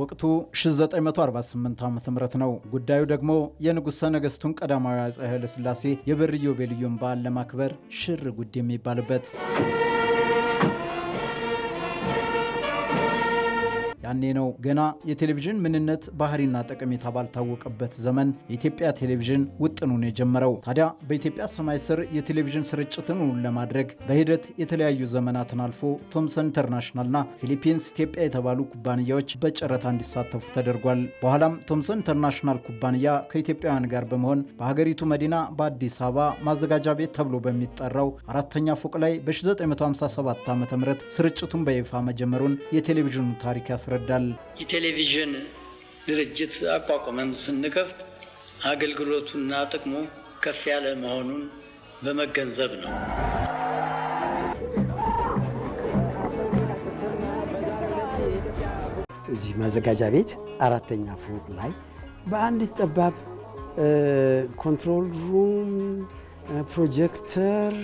ወቅቱ 1948 ዓ ም ነው። ጉዳዩ ደግሞ የንጉሠ ነገሥቱን ቀዳማዊ አፄ ኃይለ ሥላሴ የብር ኢዮቤልዩን በዓል ለማክበር ሽር ጉድ የሚባልበት ያኔ ነው ገና የቴሌቪዥን ምንነት ባህሪና ጠቀሜታ ባልታወቀበት ዘመን የኢትዮጵያ ቴሌቪዥን ውጥኑን የጀመረው። ታዲያ በኢትዮጵያ ሰማይ ስር የቴሌቪዥን ስርጭትን እውን ለማድረግ በሂደት የተለያዩ ዘመናትን አልፎ ቶምሰን ኢንተርናሽናልና ፊሊፒንስ ኢትዮጵያ የተባሉ ኩባንያዎች በጨረታ እንዲሳተፉ ተደርጓል። በኋላም ቶምሰን ኢንተርናሽናል ኩባንያ ከኢትዮጵያውያን ጋር በመሆን በሀገሪቱ መዲና በአዲስ አበባ ማዘጋጃ ቤት ተብሎ በሚጠራው አራተኛ ፎቅ ላይ በ1957 ዓ ም ስርጭቱን በይፋ መጀመሩን የቴሌቪዥኑ ታሪክ ያስረዳል። ይረዳል። የቴሌቪዥን ድርጅት አቋቁመን ስንከፍት አገልግሎቱና ጥቅሙ ከፍ ያለ መሆኑን በመገንዘብ ነው። እዚህ ማዘጋጃ ቤት አራተኛ ፎቅ ላይ በአንድ ጠባብ ኮንትሮል ሩም፣ ፕሮጀክተር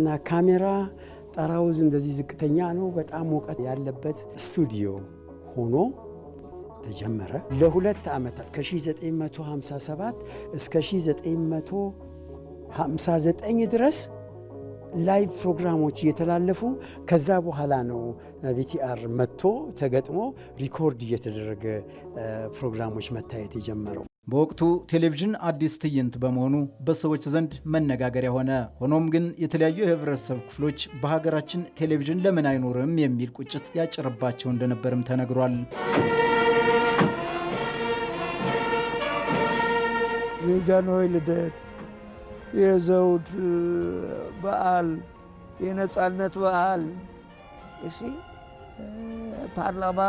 እና ካሜራ ጠራውዝ እንደዚህ ዝቅተኛ ነው፣ በጣም ሙቀት ያለበት ስቱዲዮ ሆኖ ተጀመረ። ለሁለት ዓመታት ከ1957 እስከ 1959 ድረስ ላይቭ ፕሮግራሞች እየተላለፉ ከዛ በኋላ ነው ቪቲአር መጥቶ ተገጥሞ ሪኮርድ እየተደረገ ፕሮግራሞች መታየት የጀመረው። በወቅቱ ቴሌቪዥን አዲስ ትዕይንት በመሆኑ በሰዎች ዘንድ መነጋገሪያ ሆነ። ሆኖም ግን የተለያዩ የህብረተሰብ ክፍሎች በሀገራችን ቴሌቪዥን ለምን አይኖርም የሚል ቁጭት ያጭርባቸው እንደነበርም ተነግሯል። የጃንሆይ ልደት፣ የዘውድ በዓል፣ የነፃነት በዓል እሺ ፓርላማ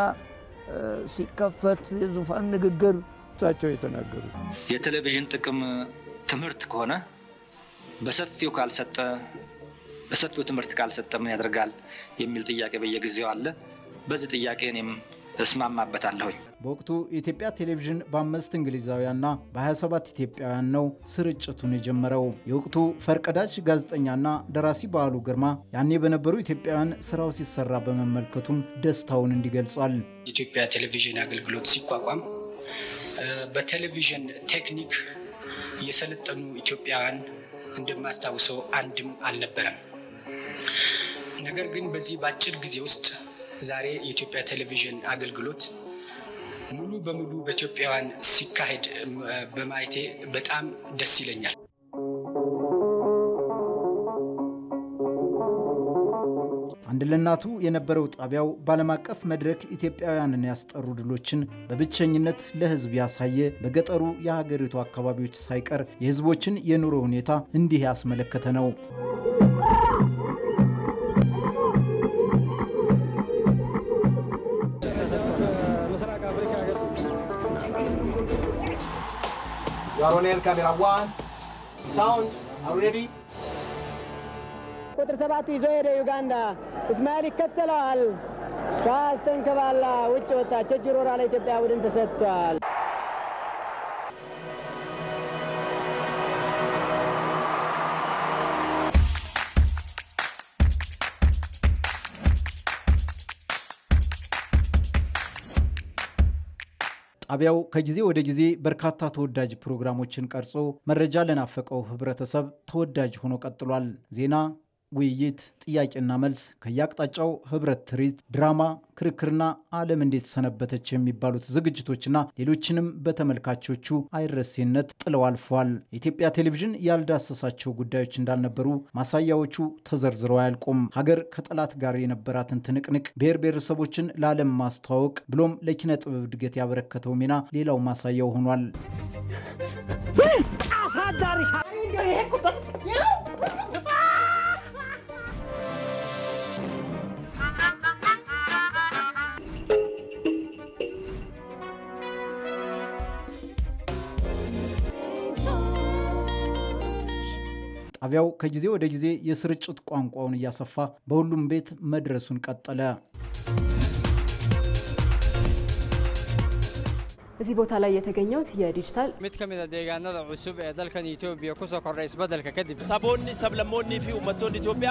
ሲከፈት የዙፋን ንግግር እሳቸው የተናገሩት የቴሌቪዥን ጥቅም ትምህርት ከሆነ በሰፊው ካልሰጠ በሰፊው ትምህርት ካልሰጠ ምን ያደርጋል የሚል ጥያቄ በየጊዜው አለ። በዚህ ጥያቄ እኔም እስማማበታለሁኝ። በወቅቱ የኢትዮጵያ ቴሌቪዥን በአምስት እንግሊዛውያንና በ27 ኢትዮጵያውያን ነው ስርጭቱን የጀመረው። የወቅቱ ፈርቀዳጅ ጋዜጠኛና ደራሲ በዓሉ ግርማ ያኔ በነበሩ ኢትዮጵያውያን ስራው ሲሰራ በመመልከቱም ደስታውን እንዲገልጿል። የኢትዮጵያ ቴሌቪዥን አገልግሎት ሲቋቋም በቴሌቪዥን ቴክኒክ የሰለጠኑ ኢትዮጵያውያን እንደማስታውሰው አንድም አልነበረም። ነገር ግን በዚህ በአጭር ጊዜ ውስጥ ዛሬ የኢትዮጵያ ቴሌቪዥን አገልግሎት ሙሉ በሙሉ በኢትዮጵያውያን ሲካሄድ በማየቴ በጣም ደስ ይለኛል። ለእናቱ የነበረው ጣቢያው በዓለም አቀፍ መድረክ ኢትዮጵያውያንን ያስጠሩ ድሎችን በብቸኝነት ለሕዝብ ያሳየ በገጠሩ የሀገሪቱ አካባቢዎች ሳይቀር የሕዝቦችን የኑሮ ሁኔታ እንዲህ ያስመለከተ ነው። ሮኔል ካሜራ ዋን ሳውንድ ቁጥር ሰባቱ ይዞ ሄደ ዩጋንዳ። እስማኤል ይከተለዋል። ኳስ ተንከባላ ውጭ ወጣ። እጅ ራ ለኢትዮጵያ ቡድን ተሰጥቷል። ጣቢያው ከጊዜ ወደ ጊዜ በርካታ ተወዳጅ ፕሮግራሞችን ቀርጾ መረጃ ለናፈቀው ህብረተሰብ ተወዳጅ ሆኖ ቀጥሏል። ዜና ውይይት፣ ጥያቄና መልስ፣ ከየአቅጣጫው ህብረት ትርኢት፣ ድራማ፣ ክርክርና ዓለም እንዴት ሰነበተች የሚባሉት ዝግጅቶችና ሌሎችንም በተመልካቾቹ አይረሴነት ጥለው አልፏል። የኢትዮጵያ ቴሌቪዥን ያልዳሰሳቸው ጉዳዮች እንዳልነበሩ ማሳያዎቹ ተዘርዝረው አያልቁም። ሀገር ከጠላት ጋር የነበራትን ትንቅንቅ፣ ብሔር ብሔረሰቦችን ለዓለም ማስተዋወቅ ብሎም ለኪነ ጥበብ እድገት ያበረከተው ሚና ሌላው ማሳያው ሆኗል። አሳዳሪ መግባቢያው ከጊዜ ወደ ጊዜ የስርጭት ቋንቋውን እያሰፋ በሁሉም ቤት መድረሱን ቀጠለ። እዚህ ቦታ ላይ የተገኘሁት የዲጂታል ሚድ ከሚድ ደጋናዳ ዑሱብ ኤ ዳልካን ኢትዮጵያ ኩሶ ኮሬስ በደልከ ከዲብ ሳቦኒ ሰብለሞኒ ፊ ኡመቶን ኢትዮጵያ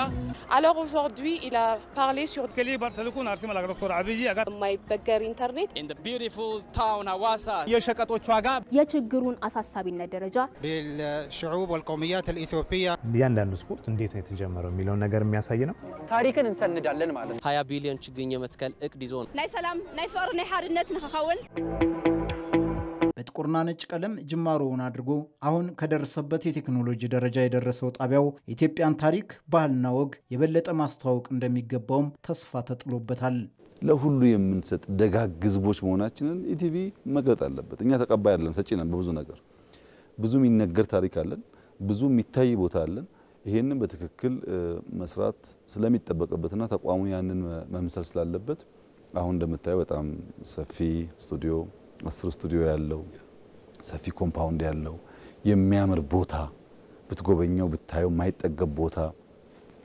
alors aujourd'hui il a parlé sur ከሊ ባርሰልኩን አርሲ ማላቅ ዶክተር አብይ አጋ የማይበገር ኢንተርኔት in the beautiful town ሐዋሳ የሸቀጦች ዋጋ የችግሩን አሳሳቢነት ደረጃ بالشعوب والقوميات الإثيوبية እያንዳንዱ ስፖርት እንዴት ነው የተጀመረው የሚለውን ነገር የሚያሳይ ነው። ታሪክን እንሰንዳለን ማለት ነው። 20 ቢሊዮን ችግኝ የመትከል እቅድ ይዞ ነው ናይ ሰላም ናይ ፍቅሪ ናይ ሓድነት ንክኸውን ጥቁርና ነጭ ቀለም ጅማሮውን አድርጎ አሁን ከደረሰበት የቴክኖሎጂ ደረጃ የደረሰው ጣቢያው የኢትዮጵያን ታሪክ፣ ባህልና ወግ የበለጠ ማስተዋወቅ እንደሚገባውም ተስፋ ተጥሎበታል። ለሁሉ የምንሰጥ ደጋግ ሕዝቦች መሆናችንን ኢቲቪ መግለጥ አለበት። እኛ ተቀባይ አለን፣ ሰጪ ነን። በብዙ ነገር ብዙ የሚነገር ታሪክ አለን፣ ብዙ የሚታይ ቦታ አለን። ይሄንን በትክክል መስራት ስለሚጠበቅበትና ተቋሙ ያንን መምሰል ስላለበት አሁን እንደምታየው በጣም ሰፊ ስቱዲዮ አስር ስቱዲዮ ያለው ሰፊ ኮምፓውንድ ያለው የሚያምር ቦታ ብትጎበኘው ብታየው የማይጠገብ ቦታ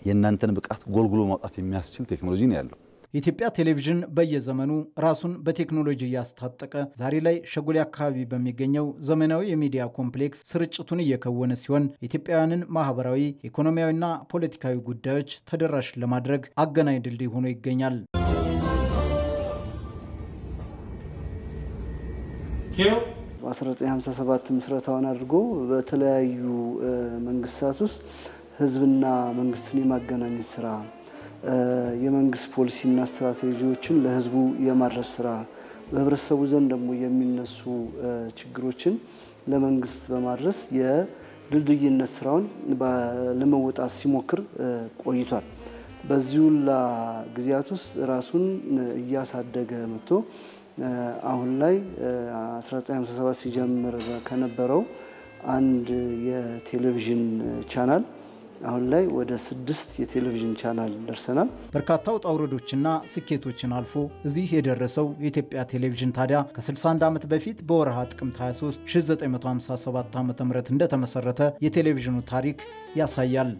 የእናንተን ብቃት ጎልጉሎ ማውጣት የሚያስችል ቴክኖሎጂ ነው ያለው። የኢትዮጵያ ቴሌቪዥን በየዘመኑ ራሱን በቴክኖሎጂ እያስታጠቀ ዛሬ ላይ ሸጎሌ አካባቢ በሚገኘው ዘመናዊ የሚዲያ ኮምፕሌክስ ስርጭቱን እየከወነ ሲሆን የኢትዮጵያውያንን ማህበራዊ፣ ኢኮኖሚያዊና ፖለቲካዊ ጉዳዮች ተደራሽ ለማድረግ አገናኝ ድልድይ ሆኖ ይገኛል። 1957 ምስረታውን አድርጎ በተለያዩ መንግስታት ውስጥ ህዝብና መንግስትን የማገናኘት ስራ፣ የመንግስት ፖሊሲና ስትራቴጂዎችን ለህዝቡ የማድረስ ስራ፣ በህብረተሰቡ ዘንድ ደግሞ የሚነሱ ችግሮችን ለመንግስት በማድረስ የድልድይነት ስራውን ለመወጣት ሲሞክር ቆይቷል። በዚሁላ ጊዜያት ውስጥ ራሱን እያሳደገ መጥቶ አሁን ላይ 1957 ሲጀምር ከነበረው አንድ የቴሌቪዥን ቻናል አሁን ላይ ወደ ስድስት የቴሌቪዥን ቻናል ደርሰናል። በርካታ ውጣ ውረዶችና ስኬቶችን አልፎ እዚህ የደረሰው የኢትዮጵያ ቴሌቪዥን ታዲያ ከ61 ዓመት በፊት በወረሃ ጥቅምት 23 1957 ዓ ም እንደተመሰረተ የቴሌቪዥኑ ታሪክ ያሳያል።